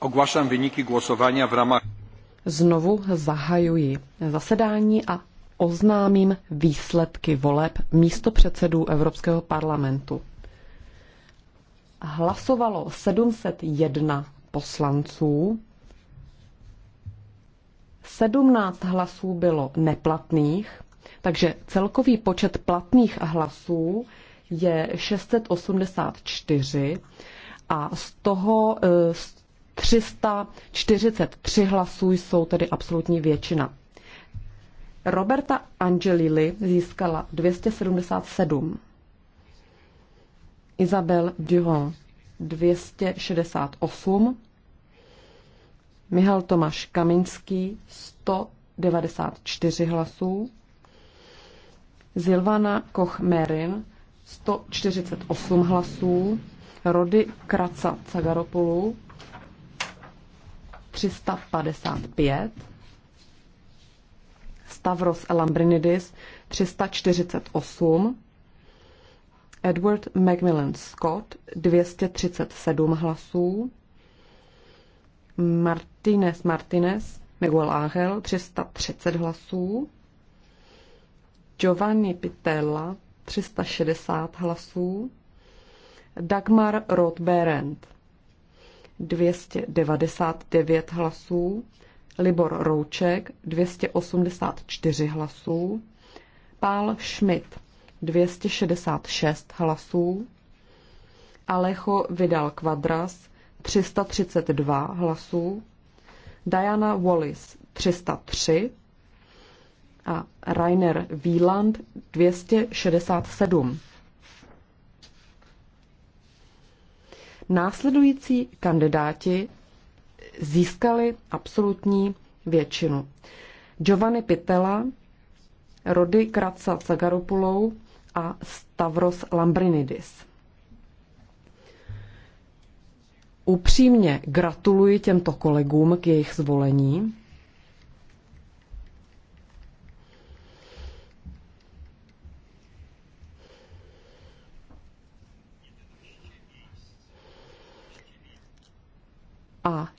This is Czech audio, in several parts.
Ogłaszam wyniki głosowania ramach... Znovu zahajuji zasedání a oznámím výsledky voleb místo předsedů Evropského parlamentu. Hlasovalo 701 poslanců, 17 hlasů bylo neplatných, takže celkový počet platných hlasů je 684 a z toho e, 343 hlasů jsou tedy absolutní většina. Roberta Angelili získala 277, Isabel Duhon 268, Michal Tomáš Kaminský 194 hlasů, Zilvana Koch-Merin 148 hlasů, Rody Kraca Cagaropolu 355, Stavros Lambrinidis 348, Edward Macmillan Scott 237 hlasů, Martinez Martinez Miguel Ángel 330 hlasů, Giovanni Pitella 360 hlasů, Dagmar Roth-Berendt 299 hlasů, Libor Rouček 284 hlasů, Pál Schmidt 266 hlasů, Alejo Vidal Quadras 332 hlasů, Diana Wallis 303 a Rainer Wieland 267. Následující kandidáti získali absolutní většinu. Giovanni Pitella, Rody Kratsa Cagaropulou a Stavros Lambrinidis. Upřímně gratuluji těmto kolegům k jejich zvolení.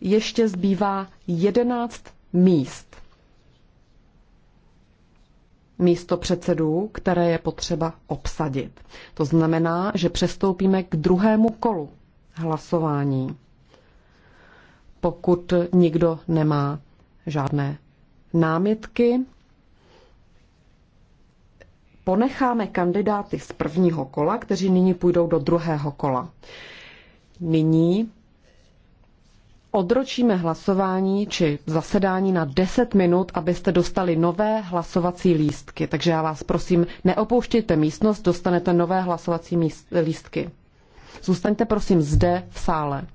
ještě zbývá 11 míst. Místo předsedů, které je potřeba obsadit. To znamená, že přestoupíme k druhému kolu hlasování, pokud nikdo nemá žádné námitky. Ponecháme kandidáty z prvního kola, kteří nyní půjdou do druhého kola. Nyní odročíme hlasování či zasedání na 10 minut, abyste dostali nové hlasovací lístky. Takže já vás prosím, neopouštějte místnost, dostanete nové hlasovací míst, lístky. Zůstaňte prosím zde v sále.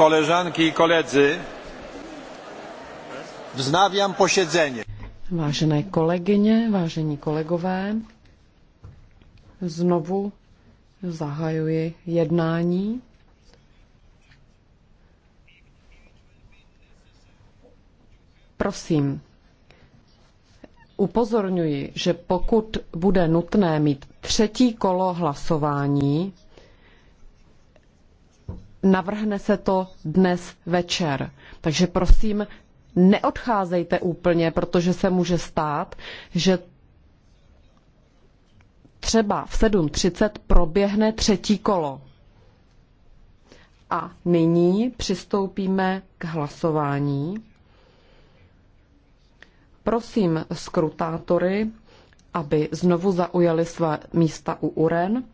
koleżanki i koledzy, wznawiam posiedzenie. Vážené kolegyně, vážení kolegové, znovu zahajuji jednání. Prosím, upozorňuji, že pokud bude nutné mít třetí kolo hlasování, navrhne se to dnes večer. Takže prosím, neodcházejte úplně, protože se může stát, že třeba v 7.30 proběhne třetí kolo. A nyní přistoupíme k hlasování. Prosím skrutátory, aby znovu zaujali své místa u uren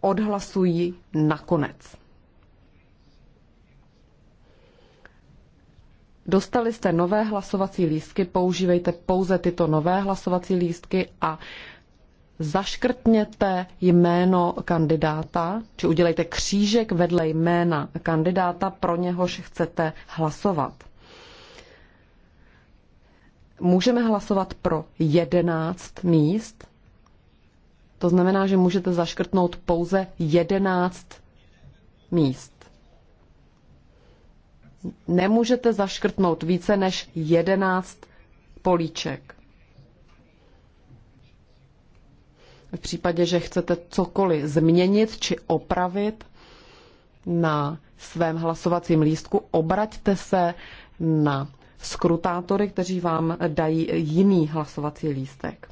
odhlasují nakonec. Dostali jste nové hlasovací lístky, používejte pouze tyto nové hlasovací lístky a zaškrtněte jméno kandidáta, či udělejte křížek vedle jména kandidáta, pro něhož chcete hlasovat. Můžeme hlasovat pro 11 míst, to znamená, že můžete zaškrtnout pouze 11 míst. Nemůžete zaškrtnout více než 11 políček. V případě, že chcete cokoliv změnit či opravit na svém hlasovacím lístku, obraťte se na skrutátory, kteří vám dají jiný hlasovací lístek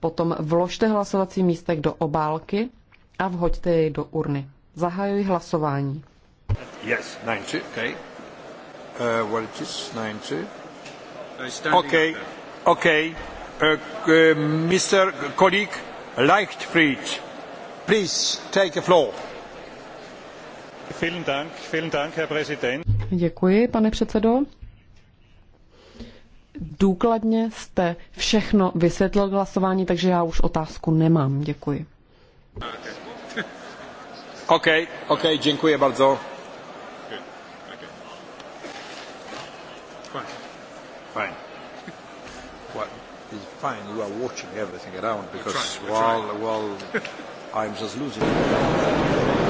potom vložte hlasovací místek do obálky a vhoďte jej do urny. Zahajuji hlasování. Yes, 90, okay. Uh, what it is, 90. No, okay, okay. Uh, uh, Mr. Colleague Leichtfried, please take the floor. Vielen Dank, vielen Dank, Herr Präsident. Děkuji, pane předsedo důkladně jste všechno vysvětlil k hlasování, takže já už otázku nemám. Děkuji. OK, OK, děkuji bardzo. Fine. Fine. Well, fine. You are watching everything around because while, while I'm just losing.